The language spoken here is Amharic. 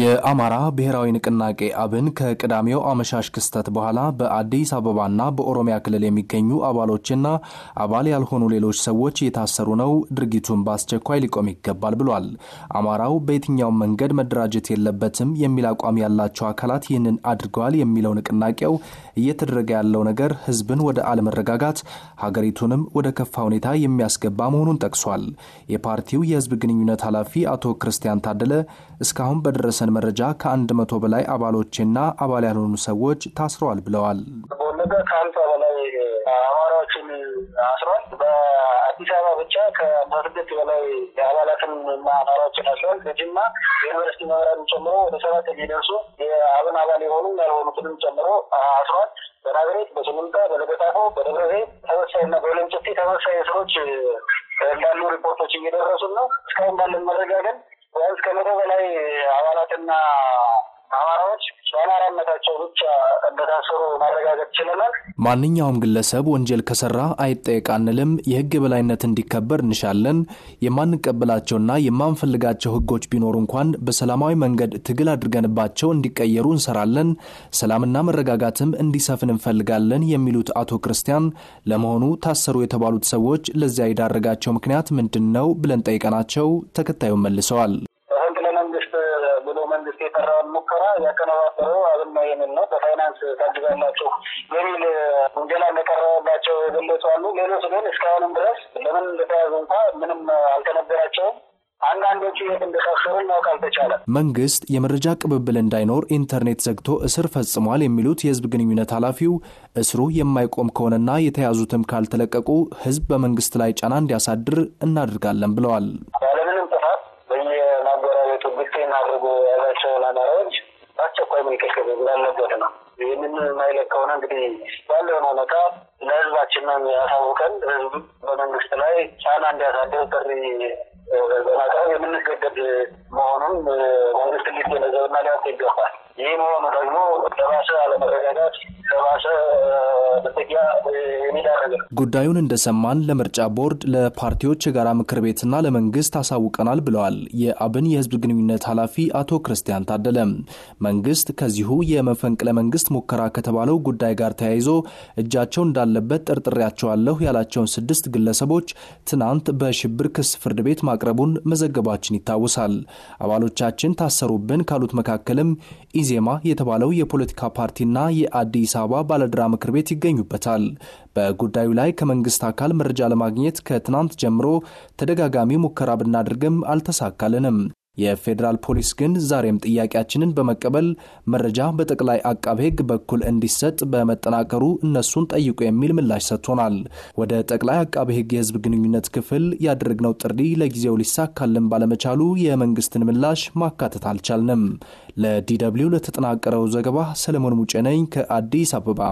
የአማራ ብሔራዊ ንቅናቄ አብን ከቅዳሜው አመሻሽ ክስተት በኋላ በአዲስ አበባና በኦሮሚያ ክልል የሚገኙ አባሎችና አባል ያልሆኑ ሌሎች ሰዎች እየታሰሩ ነው፣ ድርጊቱን በአስቸኳይ ሊቆም ይገባል ብሏል። አማራው በየትኛውም መንገድ መደራጀት የለበትም የሚል አቋም ያላቸው አካላት ይህንን አድርገዋል የሚለው ንቅናቄው እየተደረገ ያለው ነገር ህዝብን ወደ አለመረጋጋት፣ ሀገሪቱንም ወደ ከፋ ሁኔታ የሚያስገባ መሆኑን ጠቅሷል። የፓርቲው የህዝብ ግንኙነት ኃላፊ አቶ ክርስቲያን ታደለ እስካሁን በደረሰ በደረሰን መረጃ ከአንድ መቶ በላይ አባሎቼና አባል ያልሆኑ ሰዎች ታስረዋል ብለዋል። በወለጋ ከአምሳ በላይ አማራዎችን አስሯል። በአዲስ አበባ ብቻ ከአስራ ስድስት በላይ የአባላትን እና አማራዎችን አስሯል። በጅማ ዩኒቨርሲቲ መምህራን ጨምሮ ወደ ሰባት የሚደርሱ የአብን አባል የሆኑ ያልሆኑትንም ጨምሮ አስሯል። በናዝሬት፣ በስምንታ፣ በለገጣፎ፣ በደብረ ዘይት እና በወለንጨቴ ተመሳይ እስሮች እንዳሉ ሪፖርቶች እየደረሱን ነው። እስካሁን ባለን መረጃ ግን ቢያንስ ከመቶ በላይ አባላትና አማራዎች በአማራነታቸው ብቻ እንደታሰሩ ማረጋገጥ ችለናል። ማንኛውም ግለሰብ ወንጀል ከሰራ አይጠየቅ አንልም። የህግ በላይነት እንዲከበር እንሻለን። የማንቀበላቸውና የማንፈልጋቸው ህጎች ቢኖሩ እንኳን በሰላማዊ መንገድ ትግል አድርገንባቸው እንዲቀየሩ እንሰራለን። ሰላምና መረጋጋትም እንዲሰፍን እንፈልጋለን የሚሉት አቶ ክርስቲያን፣ ለመሆኑ ታሰሩ የተባሉት ሰዎች ለዚያ የዳረጋቸው ምክንያት ምንድን ነው ብለን ጠይቀናቸው ተከታዩን መልሰዋል። መንግስት የጠራውን ሙከራ ያቀነባበረው አብን ይህንን ነው በፋይናንስ ታግዛላቸው የሚል ወንጀላ እንደቀረበላቸው የገለጹ አሉ። ሌሎች ግን እስካሁንም ድረስ ለምን እንደተያዙ እንኳ ምንም አልተነገራቸውም። አንዳንዶቹ የት እንደታሰሩ ማወቅ አልተቻለም። መንግስት የመረጃ ቅብብል እንዳይኖር ኢንተርኔት ዘግቶ እስር ፈጽሟል የሚሉት የህዝብ ግንኙነት ኃላፊው እስሩ የማይቆም ከሆነና የተያዙትም ካልተለቀቁ ህዝብ በመንግስት ላይ ጫና እንዲያሳድር እናደርጋለን ብለዋል። ይህን አድርጎ ያላቸውን አማራዎች በአስቸኳይ መልቀቅ እንዳለበት ነው። ይህንን ማይለቅ ከሆነ እንግዲህ ያለውን ሁኔታ ለህዝባችንን ያሳውቀን፣ ህዝብ በመንግስት ላይ ጫና እንዲያሳደር ጥሪ በማቅረብ የምንገደድ መሆኑን መንግስት ሊገነዘብና ሊያውቅ ይገባል። ይህ መሆኑ ጉዳዩን እንደሰማን ለምርጫ ቦርድ ለፓርቲዎች የጋራ ምክር ቤትና ለመንግስት አሳውቀናል ብለዋል የአብን የህዝብ ግንኙነት ኃላፊ አቶ ክርስቲያን ታደለ። መንግስት ከዚሁ የመፈንቅለ መንግስት ሙከራ ከተባለው ጉዳይ ጋር ተያይዞ እጃቸው እንዳለበት ጠርጥሬያቸዋለሁ ያላቸውን ስድስት ግለሰቦች ትናንት በሽብር ክስ ፍርድ ቤት ማቅረቡን መዘገባችን ይታወሳል። አባሎቻችን ታሰሩብን ካሉት መካከልም ኢዜማ የተባለው የፖለቲካ ፓርቲ ና የአዲስ አበባ ባለድራ ምክር ቤት ይገኙበታል። በጉዳዩ ላይ ከመንግስት አካል መረጃ ለማግኘት ከትናንት ጀምሮ ተደጋጋሚ ሙከራ ብናደርግም አልተሳካልንም። የፌዴራል ፖሊስ ግን ዛሬም ጥያቄያችንን በመቀበል መረጃ በጠቅላይ አቃቤ ሕግ በኩል እንዲሰጥ በመጠናከሩ እነሱን ጠይቁ የሚል ምላሽ ሰጥቶናል። ወደ ጠቅላይ አቃቤ ሕግ የህዝብ ግንኙነት ክፍል ያደረግነው ጥሪ ለጊዜው ሊሳካልን ባለመቻሉ የመንግስትን ምላሽ ማካተት አልቻልንም። ለዲ ደብልዩ ለተጠናቀረው ዘገባ ሰለሞን ሙጬ ነኝ ከአዲስ አበባ።